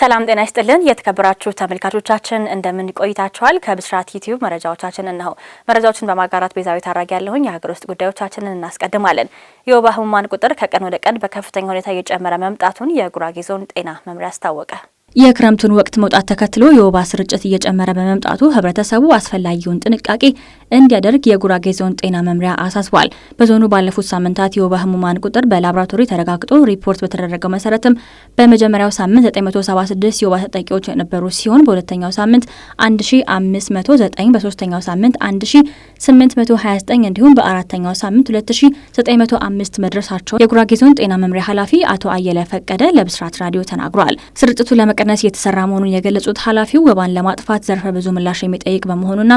ሰላም ጤና ይስጥልን የተከበራችሁ ተመልካቾቻችን እንደምን ቆይታችኋል? ከብስራት ዩቲዩብ መረጃዎቻችን እነሆ። መረጃዎችን በማጋራት ቤዛዊ ታራጊ ያለሁኝ። የሀገር ውስጥ ጉዳዮቻችንን እናስቀድማለን። የወባ ህሙማን ቁጥር ከቀን ወደ ቀን በከፍተኛ ሁኔታ እየጨመረ መምጣቱን የጉራጌ ዞን ጤና መምሪያ አስታወቀ። የክረምቱን ወቅት መውጣት ተከትሎ የወባ ስርጭት እየጨመረ በመምጣቱ ህብረተሰቡ አስፈላጊውን ጥንቃቄ እንዲያደርግ የጉራጌ ዞን ጤና መምሪያ አሳስቧል። በዞኑ ባለፉት ሳምንታት የወባ ህሙማን ቁጥር በላብራቶሪ ተረጋግጦ ሪፖርት በተደረገው መሰረትም በመጀመሪያው ሳምንት 976 የወባ ተጠቂዎች የነበሩ ሲሆን በሁለተኛው ሳምንት 1509፣ በሶስተኛው ሳምንት 1829 እንዲሁም በአራተኛው ሳምንት 2905 መድረሳቸው የጉራጌ ዞን ጤና መምሪያ ኃላፊ አቶ አየለ ፈቀደ ለብስራት ራዲዮ ተናግሯል። ስርጭቱ ለመቀ ለመቀነስ እየተሰራ መሆኑን የገለጹት ኃላፊው ወባን ለማጥፋት ዘርፈ ብዙ ምላሽ የሚጠይቅ በመሆኑና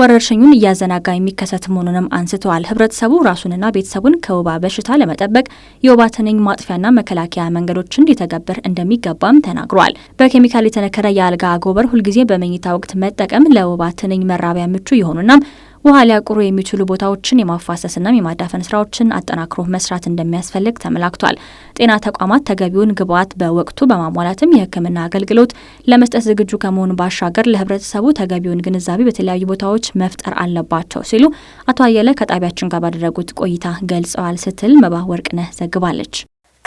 ወረርሽኙን እያዘናጋ የሚከሰት መሆኑንም አንስተዋል። ህብረተሰቡ ራሱንና ቤተሰቡን ከወባ በሽታ ለመጠበቅ የወባ ትንኝ ማጥፊያና መከላከያ መንገዶችን እንዲተገብር እንደሚገባም ተናግሯል። በኬሚካል የተነከረ የአልጋ አጎበር ሁልጊዜ በመኝታ ወቅት መጠቀም ለወባ ትንኝ መራቢያ ምቹ የሆኑናም ውሃ ሊያቁሩ የሚችሉ ቦታዎችን የማፋሰስና የማዳፈን ስራዎችን አጠናክሮ መስራት እንደሚያስፈልግ ተመላክቷል። ጤና ተቋማት ተገቢውን ግብዓት በወቅቱ በማሟላትም የሕክምና አገልግሎት ለመስጠት ዝግጁ ከመሆኑ ባሻገር ለህብረተሰቡ ተገቢውን ግንዛቤ በተለያዩ ቦታዎች መፍጠር አለባቸው ሲሉ አቶ አየለ ከጣቢያችን ጋር ባደረጉት ቆይታ ገልጸዋል ስትል መባ ወርቅነህ ዘግባለች።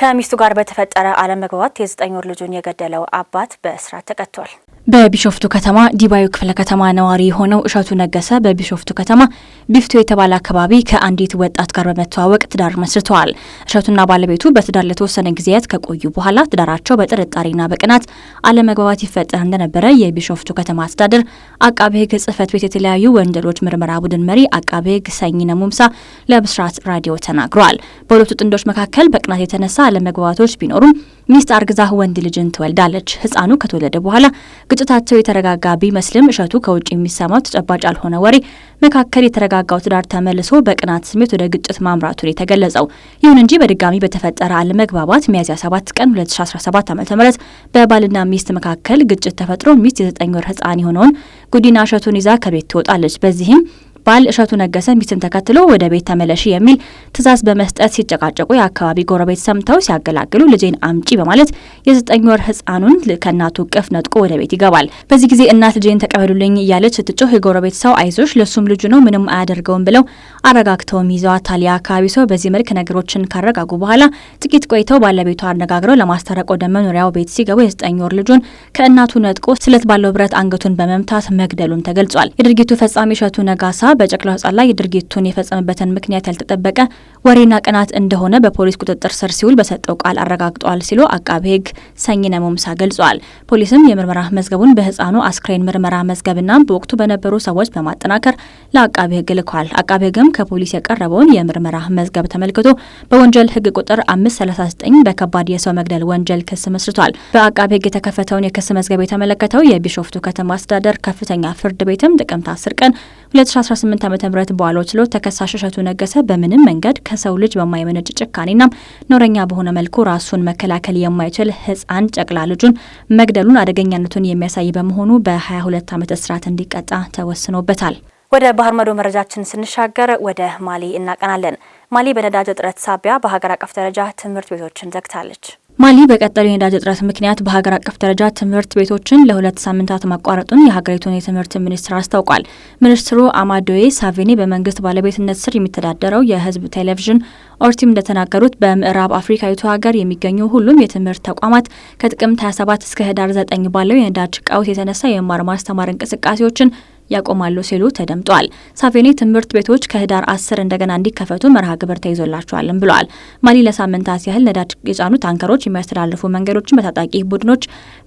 ከሚስቱ ጋር በተፈጠረ አለመግባባት የዘጠኝ ወር ልጁን የገደለው አባት በእስራት ተቀጥቷል። በቢሾፍቱ ከተማ ዲባዩ ክፍለ ከተማ ነዋሪ የሆነው እሸቱ ነገሰ በቢሾፍቱ ከተማ ቢፍቶ የተባለ አካባቢ ከአንዲት ወጣት ጋር በመተዋወቅ ትዳር መስርተዋል። እሸቱና ባለቤቱ በትዳር ለተወሰነ ጊዜያት ከቆዩ በኋላ ትዳራቸው በጥርጣሬና በቅናት አለመግባባት ይፈጠር እንደነበረ የቢሾፍቱ ከተማ አስተዳደር አቃቤ ሕግ ጽሕፈት ቤት የተለያዩ ወንጀሎች ምርመራ ቡድን መሪ አቃቤ ሕግ ሰኝነ ሙምሳ ለብስራት ራዲዮ ተናግሯል። በሁለቱ ጥንዶች መካከል በቅናት የተነሳ አለመግባባቶች ቢኖሩም ሚስት አርግዛ ወንድ ልጅን ትወልዳለች። ህፃኑ ከተወለደ በኋላ ግጭታቸው የተረጋጋ ቢመስልም እሸቱ ከውጭ የሚሰማው ተጨባጭ ያልሆነ ወሬ መካከል የተረጋጋው ትዳር ተመልሶ በቅናት ስሜት ወደ ግጭት ማምራቱን የተገለጸው። ይሁን እንጂ በድጋሚ በተፈጠረ አለመግባባት ሚያዝያ 7 ቀን 2017 ዓ ም በባልና ሚስት መካከል ግጭት ተፈጥሮ ሚስት የዘጠኝ ወር ህፃን የሆነውን ጉዲና እሸቱን ይዛ ከቤት ትወጣለች። በዚህም ባል እሸቱ ነገሰ ሚስትን ተከትሎ ወደ ቤት ተመለሺ የሚል ትዕዛዝ በመስጠት ሲጨቃጨቁ የአካባቢ ጎረቤት ሰምተው ሲያገላግሉ ልጄን አምጪ በማለት የዘጠኝ ወር ህፃኑን ከእናቱ ቅፍ ነጥቆ ወደ ቤት ይገባል። በዚህ ጊዜ እናት ልጄን ተቀበሉልኝ እያለች ስትጮህ የጎረቤት ሰው አይዞሽ ለሱም ልጁ ነው ምንም አያደርገውም ብለው አረጋግተውም ይዘዋታል። የአካባቢ ሰው በዚህ መልክ ነገሮችን ካረጋጉ በኋላ ጥቂት ቆይተው ባለቤቷ አነጋግረው ለማስታረቅ ወደ መኖሪያው ቤት ሲገቡ የዘጠኝ ወር ልጁን ከእናቱ ነጥቆ ስለት ባለው ብረት አንገቱን በመምታት መግደሉን ተገልጿል። የድርጊቱ ፈጻሚ እሸቱ ነጋሳ በጨቅላ ህጻን ላይ ድርጊቱን የፈጸመበትን ምክንያት ያልተጠበቀ ወሬና ቅናት እንደሆነ በፖሊስ ቁጥጥር ስር ሲውል በሰጠው ቃል አረጋግጧል ሲሉ አቃቤ ህግ ሰኝነ ሞምሳ ገልጿል። ፖሊስም የምርመራ መዝገቡን በህፃኑ አስክሬን ምርመራ መዝገብና በወቅቱ በነበሩ ሰዎች በማጠናከር ለአቃቤ ህግ ልኳል። አቃቤ ህግም ከፖሊስ የቀረበውን የምርመራ መዝገብ ተመልክቶ በወንጀል ህግ ቁጥር 539 በከባድ የሰው መግደል ወንጀል ክስ መስርቷል። በአቃቤ ህግ የተከፈተውን የክስ መዝገብ የተመለከተው የቢሾፍቱ ከተማ አስተዳደር ከፍተኛ ፍርድ ቤትም ጥቅምት 10 ቀን 2017 2018 ዓ.ም በዋለው ችሎት ተከሳሽ እሸቱ ነገሰ በምንም መንገድ ከሰው ልጅ በማይመነጭ ጭካኔና ኖረኛ በሆነ መልኩ ራሱን መከላከል የማይችል ህፃን ጨቅላ ልጁን መግደሉን አደገኛነቱን የሚያሳይ በመሆኑ በ22 ዓመት እስራት እንዲቀጣ ተወስኖበታል። ወደ ባህር ማዶ መረጃችን ስንሻገር ወደ ማሊ እናቀናለን። ማሊ በነዳጅ እጥረት ሳቢያ በሀገር አቀፍ ደረጃ ትምህርት ቤቶችን ዘግታለች። ማሊ በቀጠሉ የነዳጅ እጥረት ምክንያት በሀገር አቀፍ ደረጃ ትምህርት ቤቶችን ለሁለት ሳምንታት ማቋረጡን የሀገሪቱን የትምህርት ሚኒስትር አስታውቋል። ሚኒስትሩ አማዶዌ ሳቬኔ በመንግስት ባለቤትነት ስር የሚተዳደረው የህዝብ ቴሌቪዥን ኦርቲም እንደተናገሩት በምዕራብ አፍሪካዊቱ ሀገር የሚገኙ ሁሉም የትምህርት ተቋማት ከጥቅምት 27 እስከ ህዳር 9 ባለው የነዳጅ ቀውስ የተነሳ የመማር ማስተማር እንቅስቃሴዎችን ያቆማሉ ሲሉ ተደምጧል። ሳቬኒ ትምህርት ቤቶች ከህዳር አስር እንደገና እንዲከፈቱ መርሃ ግብር ተይዞላቸዋልም ብለዋል። ማሊ ለሳምንታት ያህል ነዳጅ የጫኑ ታንከሮች የሚያስተላልፉ መንገዶችን በታጣቂ ቡድኖች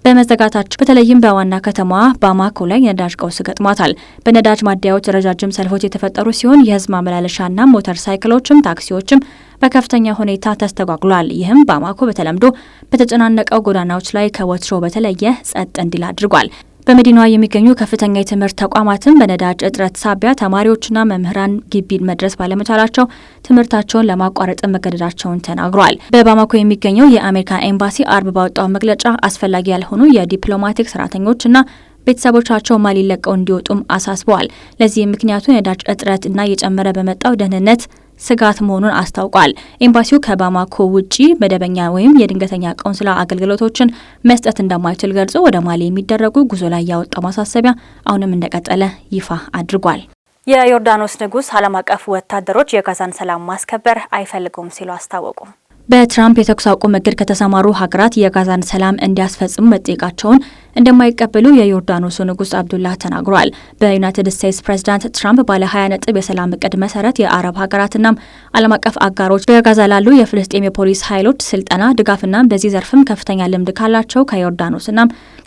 በመዘጋታቸው በተለይም በዋና ከተማዋ ባማኮ ላይ የነዳጅ ቀውስ ገጥሟታል። በነዳጅ ማደያዎች ረጃጅም ሰልፎች የተፈጠሩ ሲሆን የህዝብ ማመላለሻና ሞተር ሳይክሎችም ታክሲዎችም በከፍተኛ ሁኔታ ተስተጓጉሏል። ይህም ባማኮ በተለምዶ በተጨናነቀው ጎዳናዎች ላይ ከወትሮ በተለየ ጸጥ እንዲል አድርጓል። በመዲናዋ የሚገኙ ከፍተኛ የትምህርት ተቋማትን በነዳጅ እጥረት ሳቢያ ተማሪዎችና መምህራን ግቢ መድረስ ባለመቻላቸው ትምህርታቸውን ለማቋረጥ መገደዳቸውን ተናግሯል። በባማኮ የሚገኘው የአሜሪካ ኤምባሲ አርብ ባወጣው መግለጫ አስፈላጊ ያልሆኑ የዲፕሎማቲክ ሰራተኞችና ቤተሰቦቻቸው ማሊ ለቀው እንዲወጡም አሳስበዋል። ለዚህም ምክንያቱ የነዳጅ እጥረት እና እየጨመረ በመጣው ደህንነት ስጋት መሆኑን አስታውቋል። ኤምባሲው ከባማኮ ውጪ መደበኛ ወይም የድንገተኛ ቆንስላ አገልግሎቶችን መስጠት እንደማይችል ገልጾ ወደ ማሊ የሚደረጉ ጉዞ ላይ ያወጣው ማሳሰቢያ አሁንም እንደቀጠለ ይፋ አድርጓል። የዮርዳኖስ ንጉሥ ዓለም አቀፍ ወታደሮች የጋዛን ሰላም ማስከበር አይፈልጉም ሲሉ አስታወቁ። በትራምፕ የተኩስ አቁም እግድ ከተሰማሩ ሀገራት የጋዛን ሰላም እንዲያስፈጽሙ መጠየቃቸውን እንደማይቀበሉ የዮርዳኖሱ ንጉሥ አብዱላህ ተናግሯል። በዩናይትድ ስቴትስ ፕሬዚዳንት ትራምፕ ባለ 20 ነጥብ የሰላም እቅድ መሰረት የአረብ ሀገራትና ዓለም አቀፍ አጋሮች በጋዛ ላሉ የፍልስጤም የፖሊስ ኃይሎች ስልጠና ድጋፍና በዚህ ዘርፍም ከፍተኛ ልምድ ካላቸው ከዮርዳኖስና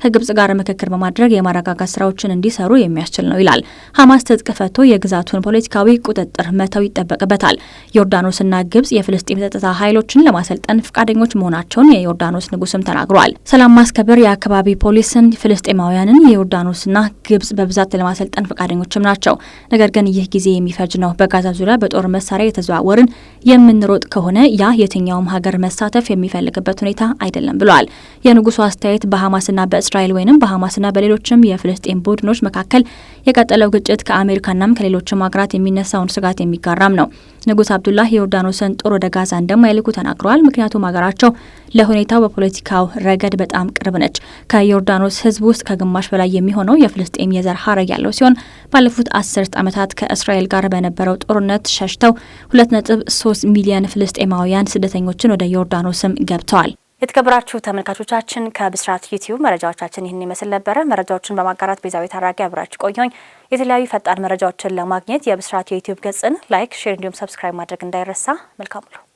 ከግብጽ ጋር ምክክር በማድረግ የማረጋጋት ስራዎችን እንዲሰሩ የሚያስችል ነው ይላል። ሀማስ ትጥቅ ፈቶ የግዛቱን ፖለቲካዊ ቁጥጥር መተው ይጠበቅበታል። ዮርዳኖስና ግብጽ የፍልስጤም ጸጥታ ኃይሎችን ለማሰልጠን ፈቃደኞች መሆናቸውን የዮርዳኖስ ንጉስም ተናግሯል። ሰላም ማስከበር የአካባቢ ፖሊስን ፍልስጤማውያንን የዮርዳኖስና ግብጽ በብዛት ለማሰልጠን ፈቃደኞችም ናቸው። ነገር ግን ይህ ጊዜ የሚፈጅ ነው። በጋዛ ዙሪያ በጦር መሳሪያ የተዘዋወርን የምንሮጥ ከሆነ ያ የትኛውም ሀገር መሳተፍ የሚፈልግበት ሁኔታ አይደለም ብለዋል። የንጉሱ አስተያየት በሀማስና በእስ በእስራኤል ወይም በሐማስና በሌሎችም የፍልስጤን ቡድኖች መካከል የቀጠለው ግጭት ከአሜሪካናም ከሌሎችም ሀገራት የሚነሳውን ስጋት የሚጋራም ነው። ንጉስ አብዱላህ የዮርዳኖስን ጦር ወደ ጋዛ እንደማይልኩ ተናግረዋል። ምክንያቱም ሀገራቸው ለሁኔታው በፖለቲካው ረገድ በጣም ቅርብ ነች። ከዮርዳኖስ ህዝብ ውስጥ ከግማሽ በላይ የሚሆነው የፍልስጤም የዘር ሀረግ ያለው ሲሆን ባለፉት አስርት ዓመታት ከእስራኤል ጋር በነበረው ጦርነት ሸሽተው ሁለት ነጥብ ሶስት ሚሊዮን ፍልስጤማውያን ስደተኞችን ወደ ዮርዳኖስም ገብተዋል። የተከበራችሁ ተመልካቾቻችን ከብስራት ዩቲዩብ መረጃዎቻችን ይህን ይመስል ነበረ። መረጃዎችን በማጋራት ቤዛዊ ታራጊ አብራችሁ ቆየኝ። የተለያዩ ፈጣን መረጃዎችን ለማግኘት የብስራት የዩቲዩብ ገጽን ላይክ፣ ሼር እንዲሁም ሰብስክራይብ ማድረግ እንዳይረሳ። መልካም